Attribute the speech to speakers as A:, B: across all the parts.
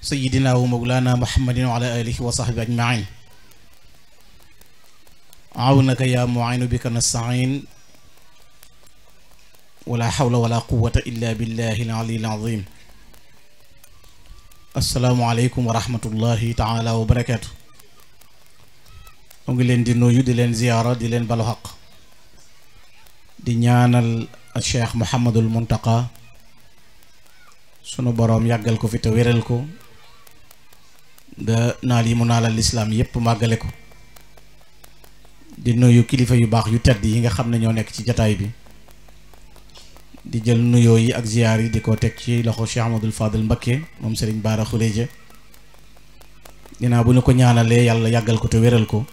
A: sayidina wa mawlana muhammadin wa ala alihi wa sahbi ajmain awnaka ya muayinu bika nastain wala xawla wala quwata illa billahi al ali al azim asalaamualeykum wa rahmatullahi taala wa barakatu mu ngi leen di nuyu di leen ziyaara di leen balu xaq di ñaanal cheikh muhammadul muntaqa sunu boroom yàggal ko fi te wéral ko da naal yi mu naalal lislaam yépp màggale ko di nuyu kilifa yu baax yu tedd yi nga xam ne ñoo nekk ci jataay bi di jël nuyoo yi ak ziyaar yi di ko teg ci loxo Cheikh Ahmadul Fadil Mbakke moom Serigne Baara Xureja dinaa bu ñu ko ñaanalee yàlla yàggal ko te wéral ko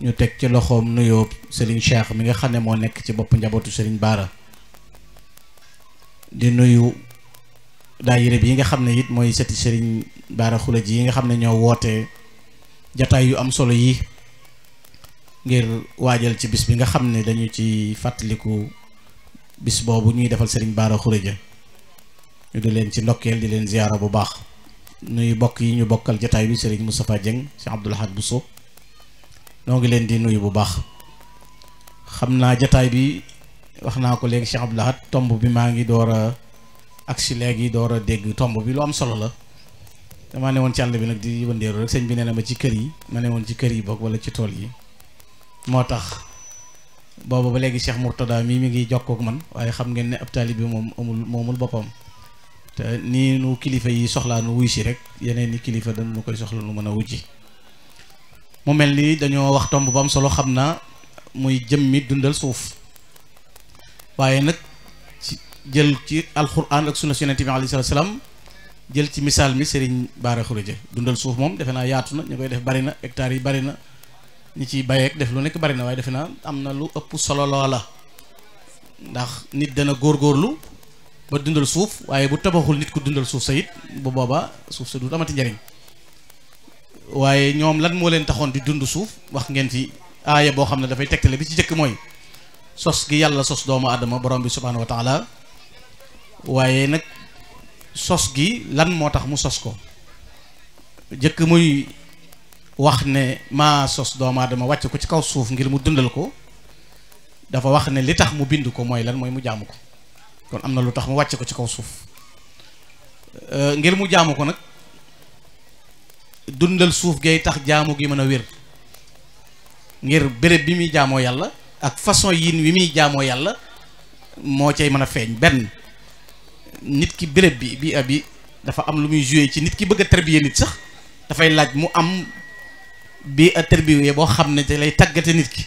A: ñu teg ci loxoom nuyoo Serigne Cheikh mi nga xam ne moo nekk ci bopp njabootu sëriñ Baara di nuyu daayira bi yi nga xam ne it mooy sëti sëriñ Baara Xula ji yi nga xam ne ñoo woote jataay yu am solo yi ngir waajal ci bis bi nga xam ne dañu ci fàttaliku bis boobu ñuy defal sëriñ Baara Xula ja ñu di leen ci ndokkeel di leen ziyaara bu baax nuyu bokk yi ñu bokkal jataay bi sëriñ Moustapha Dieng Cheikh Abdoul Ahad Bousso noo ngi leen di nuyu bu baax xam naa jataay bi wax naa ko léegi Cheikh Abdoul Ahad tomb bi maa ngi door ak si léegi door a dégg tomb bi lu am solo la damaa ne woon ci bi nag di wëndeeru rek sëñ bi nee na ma ci kër yi ma ne woon ci kër yi boog wala ci tool yi moo tax booba ba léegi Cheikh Mourtada mii mi ngi jokkook man waaye xam ngeen ne ab taali bi moom amul moomul boppam nii nu kilifa yi soxlaa nu wuy si rek yeneen kilifa dañu koy soxla nu mën a wujji mu mel ni dañoo wax tomb ba am solo xam naa muy jëmmi dundal suuf waaye nag jël ci alquran ak sunna yonent bi alayhi salaam jël ci misaal mi Serigne Bara Khourédia dundal suuf moom defe naa yaatu na ñu def bari na hectares yi bari na ñi ciy bayeek def lu nekk bari na waaye defe naa am na lu ëpp solo loola ndax nit dana góorgóorlu ba dundal suuf waaye bu tabaxul nit ku suuf sa it bu boobaa suuf sa du amati njariñ waaye ñoom lan moo leen taxoon di dund suuf wax ngeen ci aaya boo xam ne dafay tegtale bi ci jëkk mooy sos gi yàlla sos doomu aadama borom bi subhaanahu wa waaye nag sos gi lan moo tax mu sos ko jëkk muy wax ne ma sos doomu aadama wàcc ko ci kaw suuf ngir mu dundal ko dafa wax ne li tax mu bind ko mooy lan mooy mu jaamu ko kon am na lu tax mu wàcc ko ci kaw suuf ngir mu jaamu ko nag dundal suuf gay tax jaamu gi mën a wér ngir béréb bi muy jaamoo yàlla ak façon yin wi muy jaamoo yàlla moo cay mën a feeñ benn nit ki béréb bi bi abi dafa am lu muy joué ci nit ki bëgg a nit sax dafay laaj mu am bi a tarbiyé boo xam ne te lay tàggate nit ki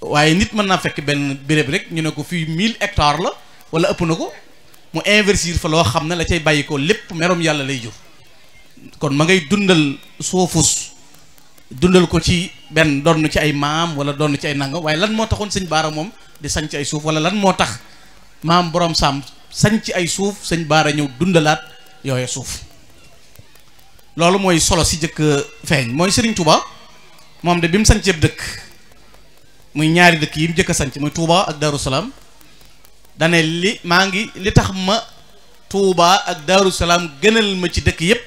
A: waaye nit mën naa fekk benn béréb rek ñu ne ko fii 1000 hectares la wala ëpp na ko mu investir fa loo xam ne la cay bàyyi ko lépp merom yàlla lay jur kon ma ngay dundal soofus dundal ko ci benn donn ci ay maam wala donn ci ay nangam waaye lan moo taxoon sëñ baara moom di sañ ci ay suuf wala lan moo tax maam borom saam sañ ci ay suuf sëñ baara ñëw dundalaat yooye suuf loolu mooy solo si jëkk feeñ mooy sëriñ Touba moom de bim mu sañc ab dëkk muy ñaari dëkk yi mu jëkk a sañc muy tuuba ak Darou Salaam dane li maa ngi li tax ma Touba ak Darou Salaam gënal ma ci dëkk yépp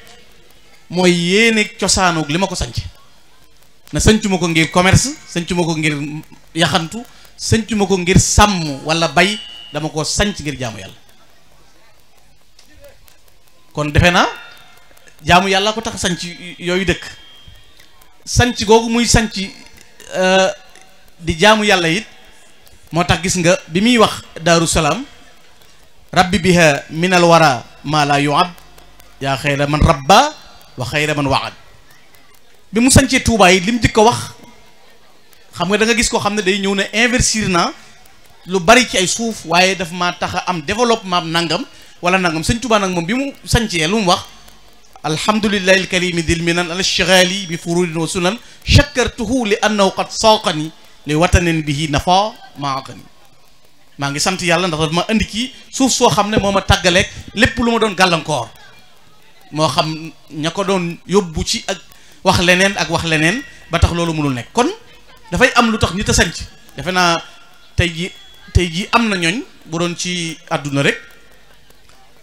A: mooy yéene cosaanu li ma ko sañc na sañcuma ko ngir commerce sañcuma ko ngir yaxantu sañcuma ko ngir sàmm wala bay dama ko sañc ngir jaamu yàlla kon defe naa jaamu yàlla ko tax sanc yooyu dëkk sanc googu muy sanc euh, di jaamu yàlla it moo tax gis nga bi muy wax daaru salaam rabbi biha min al wara maa laa yuab yaa xayra man rabba wa xayra man waad bi mu sañcee tuubaa yi li mu jëkk wax xam nga da gis koo xam ne day ñëw ne investir na lu bari ci ay suuf waaye daf ma tax a am développement nangam wala nangam sëñ Tuubaa nag moom bi mu sancee lu mu wax alhamdulillahi alkarimi dil minan alshiraali bi furudin wa sunan shakartuhu li annahu qad saqani li bi bihi na maaqani maa ngi sant yàlla ndax daf ma indi ci suuf soo xam ne moo ma tàggaleeg lépp lu ma doon gàllankoor moo xam ña ko doon yóbbu ci ak wax leneen ak wax leneen ba tax loolu mënul nekk kon dafay am lu tax nit a sanc defe naa tey ji tey ji am na ñooñ bu doon ci àdduna rek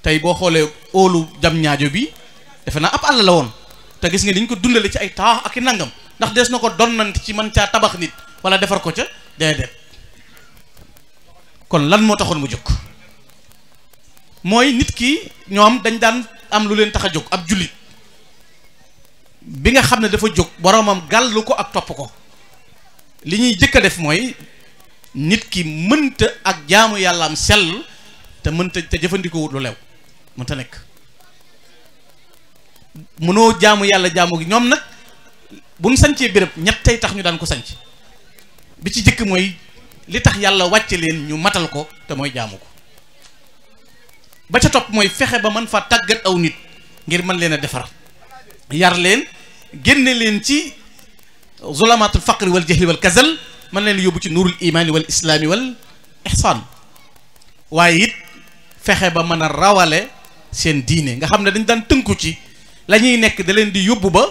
A: tey boo xoolee óolu jam ñaajo bi defe naa ab àll la woon te gis nga ni ko dundale ci ay taax ak i nangam ndax des na ko donnante ci man caa tabax nit wala defar ko ca déedéet kon lan moo taxoon mu jóg mooy nit ki ñoom dañ daan am lu leen tax a jóg ab jullit bi nga xam ne dafa jóg boroomam gàllu ko ak topp ko li ñuy jëkk a def mooy nit ki mënta ak jaamu yàllaam sell te mënta te jëfandikoo wut lu lew mënta nekk mënoo jaamu yàlla jaamu gi ñoom nag bu nu sancee béréb ñett tey tax ñu daan ko sanc bi ci jëkk mooy li tax yàlla wàcce leen ñu matal ko te mooy jaamu ko ba ca topp mooy fexe ba mën fa tàggat aw nit ngir mën leen a defar yar leen génne leen ci zulamatul faqri wal jahli wal kazal mën leen yóbbu ci nuurul imaani wal islaami wal ihsaan waaye it fexe ba mën a rawale seen diine nga xam ne dañ daan tënku ci la ñuy nekk da leen di yóbbu ba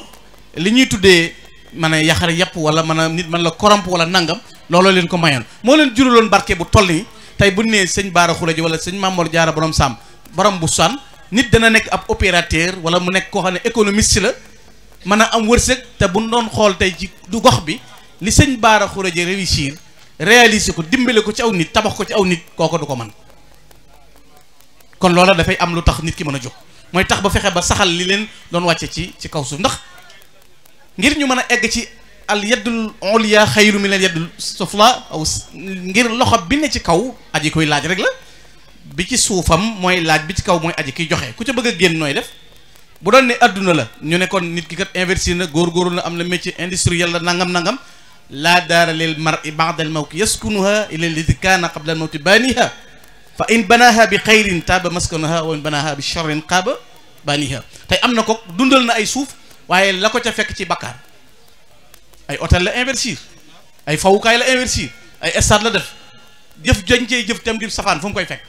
A: li ñuy tuddee mën a yaxar yàpp wala mën a nit mën la koromp wala nangam looloo leen ko mayoon moo leen juraloon barke bu toll nii tey buñ nee sëñ Baara Xuraji wala sëñ Mamor Jaara borom Sàmm borom bu san nit dana nekk ab opérateur wala mu nekk koo xam ne économiste la mën a am wërsëg te bu buñ doon xool tey ci du gox bi li sëñ Baara Xuraji réussir réaliser ko dimbale ko ci nit tabax ko ci aw nit kooku du ko mën kon loola dafay am lu tax nit ki mën a jóg mooy tax ba fexe ba saxal li leen doon wàccee ci ci kaw suuf ndax ngir ñu mën a egg ci al yaddul ulya xayru min al yaddul sufla aw ngir loxo bi ne ci kaw aji koy laaj rek la bi ci suufam mooy laaj bi ci kaw mooy aji kiy joxe ku ca bëgg a génn nooy def bu doon ne àdduna la ñu ne kon nit ki kat investir na góor góor na am na métier industriel la nangam nangam laa daara lil mar'i ba'da al mawti yaskunuha ila allati kaana qabla al mawti baaniha fa in banaha bi xayrin taaba maskanaha wa in banaha bi charrin xaaba baniha tey am na ko dundal na ay suuf waaye la ko ca fekk ci bakkaar ay otel la investir ay fawukaay la investir ay stade la def jëf jancee jëf tem di safaan fu koy fekk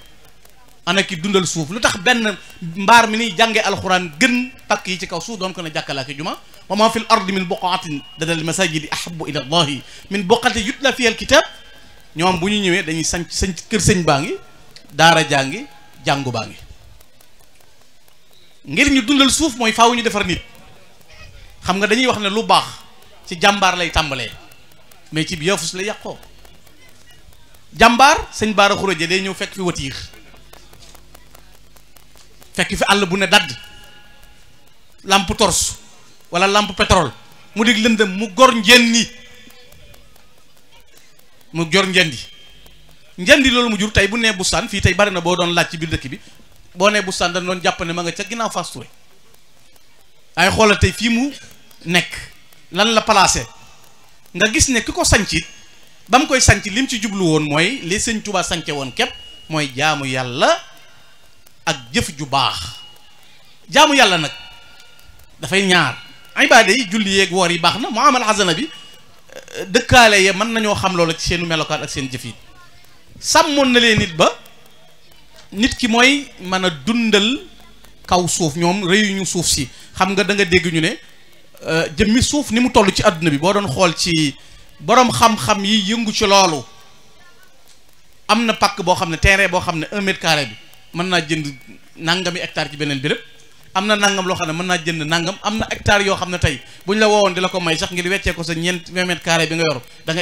A: ana ki dundal suuf lu tax benn mbaar mi ni jàngee alxuraan gën pakk yi ci kaw suuf doon ko ne jàkkalaa ki juma wa ma fi l ardi min boqaatin dadal masajidi ahabu ila allahi min boqati yutla fiha alkitab ñoom bu ñu ñëwee dañuy sanc sanc kër sëñ baa ngi daara jàngi jàngu baa ngi ngir ñu dundal suuf mooy faw ñu defar nit xam nga dañuy wax ne lu baax ci jàmbaar lay tàmbalee mais ci yafus la yàqoo jàmbaar sëñ baara xuraje day ñëw fekk fi watiir fekk fi àll bu ne dadd lampe torche wala làmp pétrole mu dig lëndëm mu gor njeen ni mu gor njeen di njandi loolu mu jur tey bu nee bustaan fii tey bari boo doon laaj ci biir dëkk bi boo nee bustaan dañ doon jàpp ma nga ca ginnaaw Fass Touré ay xoolal tey fii mu nekk lan la placé nga gis ne ki ko sancit ba mu koy sanc li mu ci jublu woon mooy li sëñ Tuubaa sance woon képp mooy jaamu yàlla ak jëf ju baax jaamu yàlla nag dafay ñaar ibaada yi julli yeeg woor yi baax na mu amal xasana bi dëkkaale ya mën nañoo xam loolu ci seenu melokaan ak seen jëf yi sàmmoon na leen nit ba nit ki mooy mën a dundal kaw suuf ñoom rëyuñu suuf si xam nga da nga dégg ñu ne euh, jëmmi suuf ni mu toll ci àdduna bi boo doon xool ci boroom xam-xam yi yëngu ci loolu am na pàkk boo xam ne terrain boo xam ne un mètre carré bi mën naa jënd nangami hectare ci beneen béréb am na nangam loo xam ne naa jënd nangam am na hectare yoo xam ne tey bu ñu la woowoon di la ko may sax ngir weccee ko sa ñeent vingt mètre carré bi nga yor da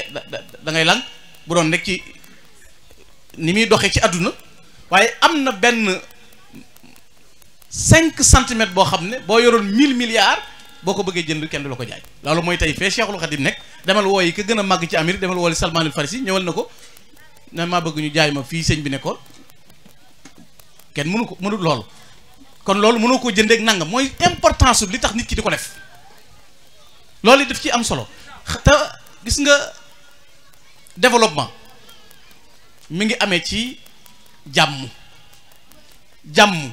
A: da ngay lang bu doon nekk ni muy doxee ci àdduna waaye am na benn cinq centimètres boo xam ne boo yoroon mille milliards boo ko bëggee jënd kenn du la ko jaay loolu mooy tey fee Cheikhul Khadim nekk demal wooyi ka gën a màgg ci Amérique demal wooyi Salmaanul Farisi ñëwal na ko na maa bëgg ñu jaay ma fii sëñ bi nekkoon kenn mënu ko mënul lool kon loolu mënoo koo jëndee ak nangam mooy importance li tax nit ki di ko def loolu daf ci am solo te gis nga développement mi ngi amee ci jàmm jàmm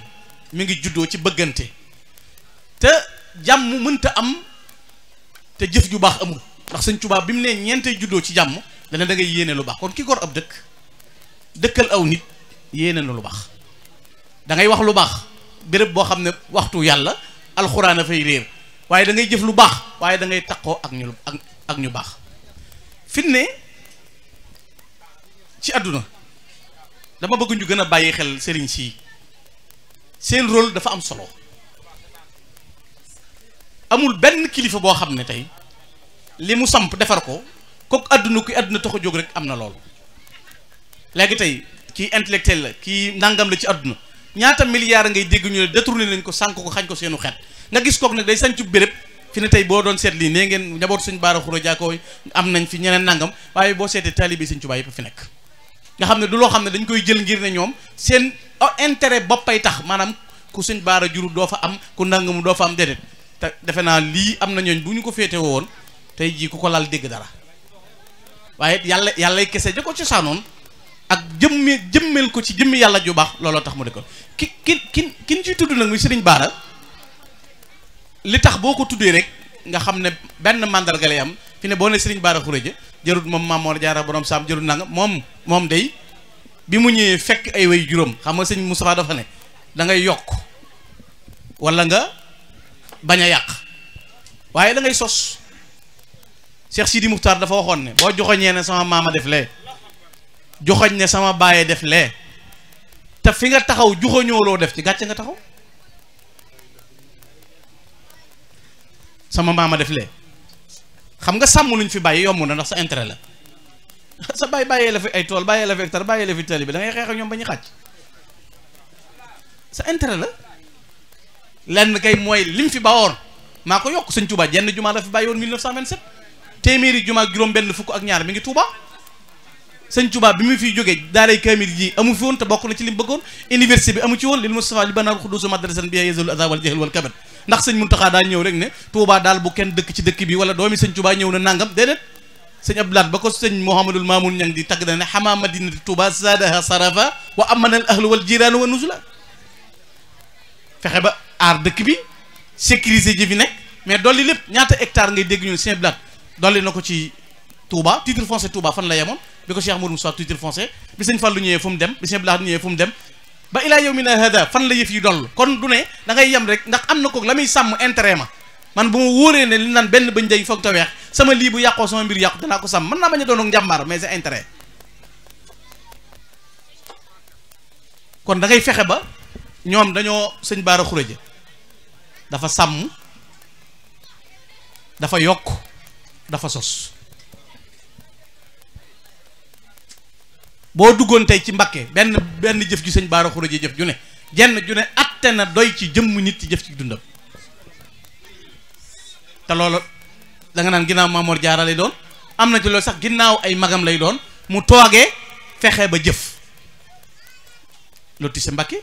A: mi ngi juddoo ci bëggante te jàmm te am te jëf ju baax amul ndax sëñ Tuubaa bi mu ne ñeentay juddoo ci jàmm dana da ngay yéene lu baax kon ki gor ab dëkk dëkkal aw nit yéene na lu baax dangay wax lu baax béréb boo xam ne waxtu yàlla alxuraan a fay réer waaye dangay jëf lu baax waaye da ngay taqoo ak ñu ak ñu baax ci àdduna dama bëgg ñu gën a bàyyi xel sëriñ si seen rôle dafa am solo amul benn kilifa boo xam ne tey li mu samp defar ko kooku àdduna ki àdduna tax jóg rek am na loolu léegi tey kii intellectuel la kii nangam la ci àdduna ñaata milliards ngay dégg ñu ne détourné nañ ko sànk ko xañ ko seenu xeet nga gis kook nag day sañcu béréb fi ne tey boo doon seet lii nee ngeen njaboot suñ baara xuro jaakooy am nañ fi ñeneen nangam waaye boo seetee taalibe Sëñ Tuubaa yëpp fi nekk nga xam ne du loo xam ne dañ koy jël ngir ne ñoom seen intérêt boppay tax maanaam ku sëñ baara juru doo fa am ku nangamu doo fa am déedéet te defe naa lii am na ñooñ bu ñu ko féete woon tey jii ku ko laal dégg dara waaye yàlla yàllay kese ja ko ci saanoon ak jëmme jëmmel ko ci jëmmi yàlla ju baax looloo tax mu di ko ki ki ki kin ci tudd nag muy sëriñ baara li tax boo ko tuddee rek nga xam ne benn mandarga lay am fi ne boo ne sëriñ baara xuréja jarut moom la Jaara borom saam jarut nanga moom moom day bi mu ñëwee fekk ay way juróom xam nga sëñ Moustapha dafa ne dangay yokk wala nga bañ a yàq waaye da sos Cheikh Sidi Muxtaar dafa waxoon ne boo joxoñee ne sama maam a def lee joxoñ ne sama bàyyee def lee te fi nga taxaw joxoñoo loo def ci gàcce nga taxaw sama maama def lee xam nga sàmm luñ fi bàyyi yomb na ndax sa intérêt la sa bàyyi bàyyee la fi ay tool bàyyee la fi hectare bàyyee la tali bi da ngay xeex ak ñoom ba ñu xàcc sa intérêt la lenn kay mooy lim fi bawoon maa ko yokk sëñ Touba jenn jumaa la fi bàyyi woon 1927 téeméeri jumaa juróom-benn fukk ak ñaar mi ngi Touba sëñ Touba bi mu fiy jógee daaray kaamil ji amu fi woon te bokk na ci lim bëggoon université bi amu ci woon li banaar xuduusu madrasan bi yezalu ada wal ndax sëñ Muntaxa daal ñëw rek ne Touba daal bu kenn dëkk ci dëkk bi wala doomi sëñ Touba ñëw na nangam déedéet sëñ Abdoulaat ba ko sëñ Mouhamadul Mamoun ñang di tagg da ne xamaa madinati Touba zaadaha sarafa wa amana al ahlu wal jiraanu wa nuzula fexe ba aar dëkk bi sécuriser ji fi nekk mais dolli lépp ñaata hectare ngay dégg ñun sëñ Abdoulaat dolli na ko ci Touba titre foncier Touba fan la yemoon bi ko Cheikh Mourou Moussa titre foncier bi sëñ Fallou dem bi sëñ Abdoulaat fu mu dem ba ilaa yawmina hada fan la yëf yi doll kon du ne da ngay yem rek ndax am na kook la muy sàmm intérêt ma man bu ma wóoree ne li naan benn bañ day foog te sama lii bu yàqoo sama mbir yàqu danaa ko sàmm mën naa bañ a doon ak njàmbaar mais c'est intérêt kon da fexe ba ñoom dañoo sëñ baara xuraja dafa sàmm dafa yokk dafa sos boo duggoon tey ci mbakke benn benn jëf ju sëñ Baara Xurajee jëf ju ne jenn ju ne atte na doy ci jëmm nit ci jëf ci dundam te loolu danga naan ginnaaw Maamoor Jaara lay doon am na ci loolu sax ginnaaw ay magam lay doon mu toogee fexe ba jëf lotti sa mbakke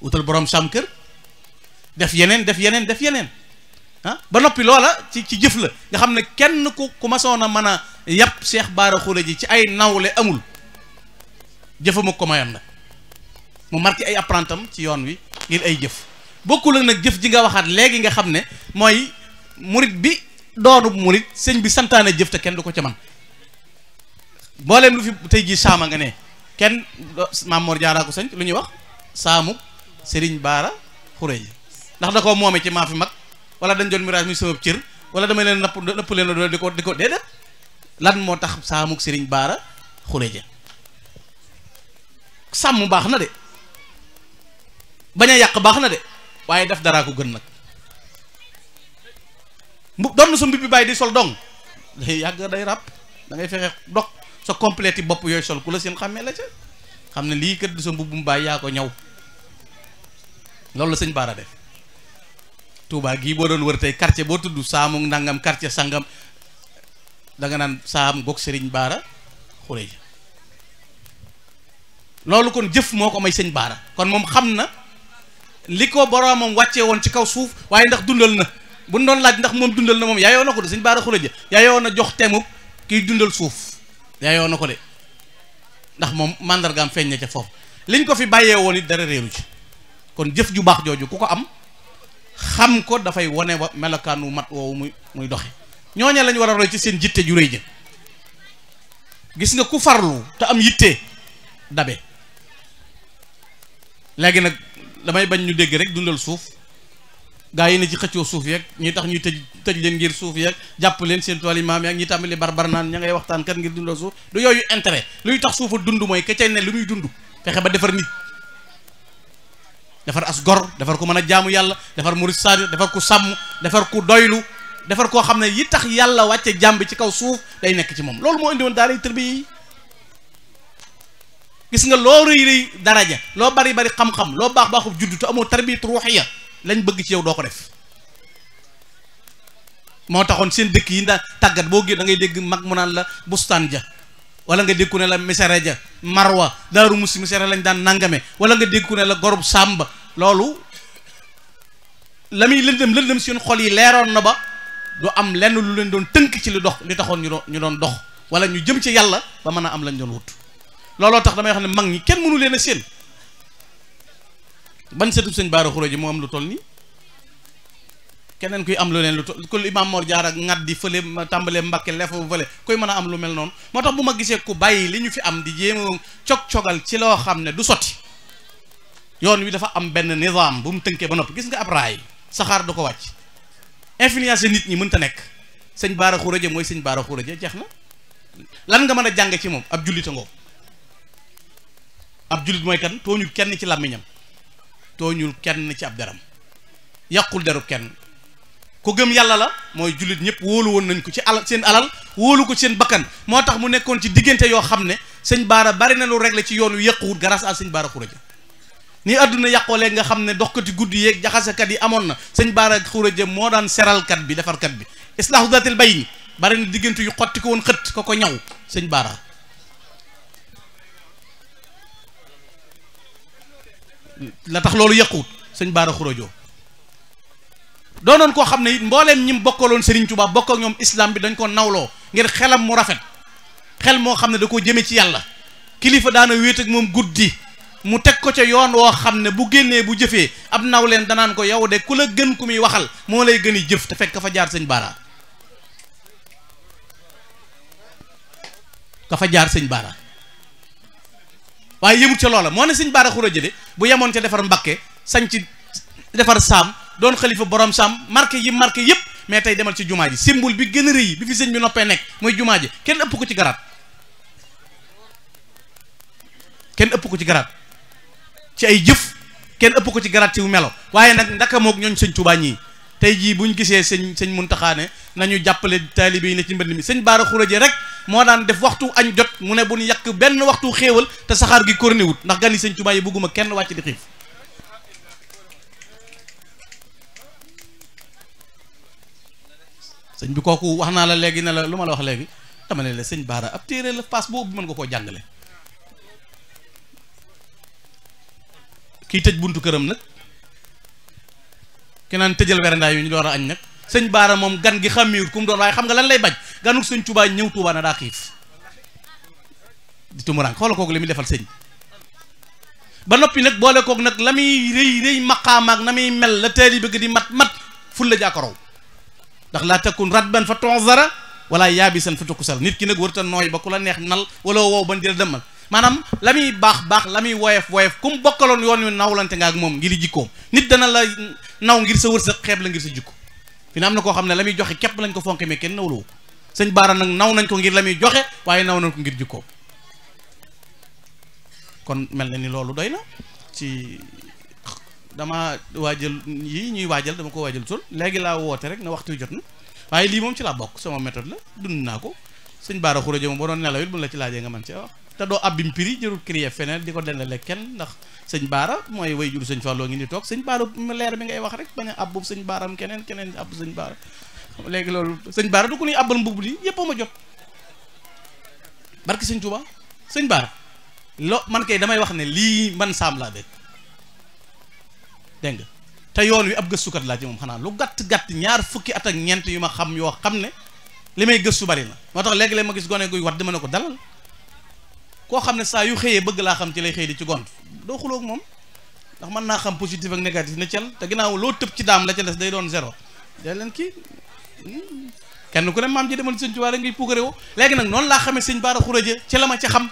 A: wutal borom sam kër def yeneen def yeneen def yeneen ba noppi loola ci ci jëf la nga xam ne kenn ku ku masoon a man a yàpp Cheikh Bara ji ci ay nawle amul jëfam ko mayoon la mu marqué ay apprentam ci yoon wi ngir ay jëf bokkul ak nag jëf ji nga waxaat léegi nga xam ne mooy murit bi doonu murit sëñ bi santaane jëf te kenn du ko ca man mbooleem lu fi tey jii saama nga ne kenn maam Mor ko sëñ lu ñuy wax saamu Serigne Bara Khoureyji ndax da koo moome ci maa fi mag wala dañ doon mirage mi sabab cër wala damay leen napp napp leen doole di ko di ko déedéet lan moo tax saamuk sëriñ baara xure ja sàmm baax na de bañ a yàq baax na de waaye def daraa ko gën nag mu doon su mbib bi baay di sol dong day yàgg day ràpp da ngay fexe dog sa complète bopp yooyu sol ku la seen xàmmee la ca xam ne lii kër du sa mbubb mu bàyyi yaa ko ñaw loolu la sëñ baara def tuubaa gii boo doon wër tey quartier boo tudd saamu nangam quartier sangam da nga naan saam goog sëriñ baara xuree loolu kon jëf moo ko may sëñ baara kon moom xam na li ko boroomam wàccee woon ci kaw suuf waaye ndax dundal na bu doon laaj ndax moom dundal na moom yaayoo na ko de sëñ baara xuree yaayoo na jox temub kiy dundal suuf yaayoo na ko de ndax moom màndargaam feeñ na ca foofu liñ ko fi bàyyee woon it dara réeru ci kon jëf ju baax jooju ku ko am. xam ko dafay wane wa melokaan wu mat woowu muy muy doxe ñooña lañ war a roy ci seen jitte ju réy ja gis nga ku farlu te am yitte dabe léegi nag damay bañ ñu dégg rek dundal suuf gaa yi ne ci xëccoo suuf yeeg ñuy tax ñuy tëj tëj leen ngir suuf yeeg jàpp leen seen tool yi maam yaag ñi tàmbali barbar naan ña ngay waxtaan kat ngir dundal suuf du yooyu intérêt luy tax suufa dund mooy ke cay ne lu muy dund fexe ba defar nit defar as gor defar ku mën a jaamu yàlla defar murid saadi defar ku sàmm defar ku doylu defar koo xam ne yi tax yàlla wàcce jàmb ci kaw suuf day nekk ci moom loolu moo indi woon daara yi tërbiya yi gis nga loo rëy rëy daraja loo bari bari xam-xam loo baax baaxub juddu te amoo tarbiyatu ya lañ bëgg ci yow doo ko def moo taxoon seen dëkk yi nda tàggat boo gé da ngay dégg mag mu naan la bustaan ja wala nga dégg ku ne la misere ja marwa daaru musi misere lañ daan nangame wala nga dégg ne la gorub sàmba loolu la muy lëndëm lëndëm seen xol yi leeroon na ba du am lenn lu leen doon tënk ci li dox li taxoon ñu doon ñu doon dox wala ñu jëm ci yàlla ba mën a am lañ doon wut looloo tax damay xam ne mag ñi kenn mënu leen a séen ban setub sëñ Baara Xuré ji moo am lu toll nii keneen kuy am lu leen lu toll ku imaam Mor Jaar ak ngat di fële tàmbalee Mbàkke lefu fële kuy mën a am lu mel noonu moo tax bu ma gisee ku bàyyi li ñu fi am di jéem a cog-cogal ci loo xam ne du sotti yoon wi dafa am benn nizaam bu mu tënkee ba noppi gis nga ab raay saxaar du ko wàcc influencer nit ñi mën ta nekk sëñ baara xuraja mooy sëñ baara xuraja jeex na lan nga mën a jàng ci moom ab jullit ngoo ab jullit mooy kan tooñul kenn ci làmmiñam tooñul kenn ci ab deram yàqul deru kenn ku gëm yàlla la mooy jullit ñëpp wóolu woon nañ ko ci alal seen alal wóolu ko seen bakkan moo tax mu nekkoon ci diggante yoo xam ne sëñ baara bari na lu réglé ci yoon wi yàquwut grâce à sëñ baara xuraja ni àdduna yàqoo nga xam ne doxkati guddi yeeg jaxasekat yi amoon na sëñ baara xuura jëm moo daan seralkat bi defarkat bi islaahu datil bayni bari na diggante yu xotti woon xët ko ko ñaw sëñ baara la tax loolu yàquwut sëñ baara xuura joo doonoon koo xam ne it mbooleem ñi mu bokkaloon seriñ Touba bokk ñoom islam bi dañ ko nawloo ngir xelam mu rafet xel moo xam ne da koo jëme ci yàlla kilifa daana wéet ak moom guddi mu teg ko ca yoon woo xam ne bu génnee bu jëfee ab naw leen danaan ko yow de ku la gën ku muy waxal moo lay gën a jëf te fekk ka fa jaar sëñ baara ka fa jaar sëñ baara waaye yëmut ca loola moo ne sëñ baara a jëde bu yemoon ca defar mbakke sañ ci defar saam doon xalifa borom saam marqué yi marqué yëpp mais tey demal ci jumaa ji symbole bi gën a rëy bi fi sëñ bi noppee nekk mooy jumaa ji kenn ëpp ko ci garaat kenn ëpp ko ci garaat ci ay jëf kenn ëpp ko ci garaat ci melo waaye nag ndaka mook ñooñ sëñ Tuubaa ñii tey jii buñ gisee sëñ sëñ Muntaxaa ne nañu jàppale taalibe yi ne ci mbënd mi sëñ Baara Xuraje rek moo daan def waxtu añ jot mu ne buñ yàq benn waxtu xéewal te saxaar gi korni wut ndax gan yi sëñ Tuubaa yi bëgguma kenn wàcc di xiif sëñ bi kooku wax naa la léegi ne la lu ma la wax léegi dama ne la sëñ Baara ab téere la paas boobu mën nga koo jàngale kii tëj buntu këram nag ki naan tëjal werandaay yu ñu door añ nag sëñ baara moom gan gi xam ku mu doon waaye xam nga lañ lay bañ ganuk sëñ Tuubaa ñëw Tuubaa daa xiif di tumuraan xoola kook li muy defal sëñ ba noppi nag boole kook nag la muy rëy rëy maqaamaak na muy mel la taali bëgg di mat mat ful la jàkkaraw ndax laa takkun ratban fa tonzara wala yaabisan fa tukkusal nit ki nag wërta nooy ba ku la neex nal wala wow ban di la demal maanaam la muy baax baax la muy woyof woyof ku mu bokkaloon yoon wi nawlante nga ak moom ngir jikkoom nit dana la naw ngir sa wërsëg xeeb la ngir sa jikko fi na am na koo xam ne la muy joxe képp lañ ko fonke mais kenn nawloo sëñ baara nag naw nañ ko ngir la muy joxe waaye naw na ko ngir jikkoom kon mel na ni loolu doy na ci dama waajal yi ñuy waajal dama ko waajal sol léegi laa woote rek na waxtu jot na waaye lii moom ci laa bokk sama méthode la dund naa ko sëñ baara xurajë moom boo doon nelaw it la ci laajee nga man ci te doo abbi mpiri jërul crier feneen di ko dendale kenn ndax sëñ baara mooy way jur sëñ Fallou ngi ni toog sëñ baara leer bi ngay wax rek bañ a abbu sëñ baaram keneen keneen abbu sëñ baara léegi loolu sëñ baara du ko nuy abbal mbubb li yëpp ma jot barki sëñ Touba sëñ baara lo man kay damay wax ne lii man saam laa bëgg dégg nga te yoon wi ab gëstukat laa ci moom xanaa lu gàtt gàtt ñaar fukki at ak ñeent yu ma xam yoo xam ne li may gëstu bari na moo tax léegi-léeg ma gis gone guy wat dama ne ko dalal koo xam ne saa yu xëyee bëgg laa xam ci lay xëy di ci gont doo xuloog moom ndax mën naa xam positif ak négatif ne cel te ginnaaw loo tëb ci daam la ca des day doon zéro day leen kii kenn ku ne maam ji demal sëñ Tuubaa rek ngay puukare woo léegi nag noonu laa xamee sëñ Baara Xuraja ci la ma ca xam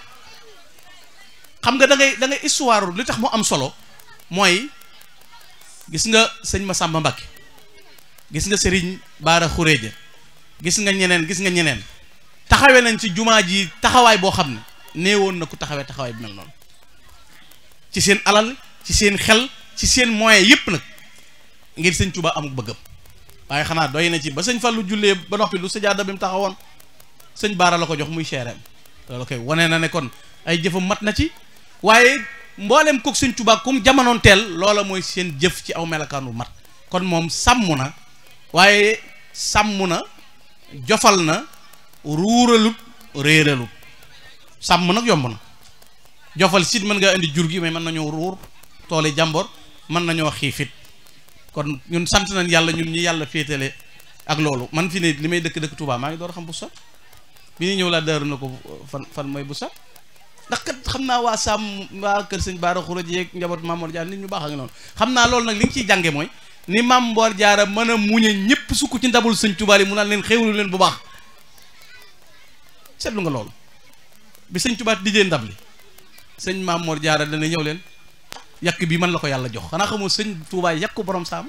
A: xam nga da ngay da histoire li tax mu am solo mooy gis nga sëñ ma Masamba Mbakke gis nga sëriñ Baara Xuraja gis nga ñeneen gis nga ñeneen taxawee nañ ci jumaa ji taxawaay boo xam ne néewoon na ku taxawee taxawaay bi mel noonu ci seen alal ci seen xel ci seen moyen yëpp nag ngir sëñ Tuubaa amuk bëggam waaye xanaa doy na ci ba sëñ Fallu jullee ba noppi lu sajaada bi mu taxawoon sëñ Baara la ko jox muy seereem loolu koy wane na ne kon ay jëfam mat na ci waaye mboolem kook sëñ Tuubaa kum jamonoon teel loola mooy seen jëf ci aw melokaanu mat kon moom sàmm na waaye sàmm na jofal na ruuralut réeralut sàmm nag yomb na jofal sit mën ngaa indi jur gi mais mën nañoo ruur toole jàmbor mën nañoo xiifit kon ñun sant nañ yàlla ñun ñi yàlla féetale ak loolu man fi ne li may dëkk dëkk Touba maa ngi door xam bu sa bi ñuy ñëw laa daaru na ko fan fan mooy bu sa ndax xam naa waa sàmm waa kër sëñ Baara Xura jeeg njaboot Mamor Diarra nit ñu baax a ak noonu xam naa loolu nag li ciy jànge mooy ni Mamor Diarra mën a muñe ñëpp sukk ci ndabul sëñ Touba yi mu naan leen xéwlu leen bu baax seetlu nga loolu bi sëñ Tuubaa dijee ndab li sëñ Maam moo Jaara dana ñëw leen yàq bi man la ko yàlla jox xanaa xamoo sëñ Tuubaa yàqu borom saam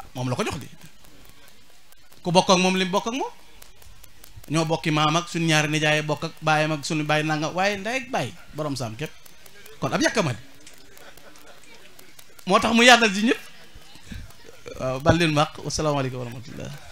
A: ah, moom la ko jox di ku bokk moom li mu bokk ak moom ñoo bokki maam suñu ñaari nijaay bokk ak baayam suñu baay nanga waaye ndey ak baay borom saam képp kon ab yàqama di moo tax mu yaatal ci ñëpp waaw bal leen maq wasalaamaaleykum wa rahmatullah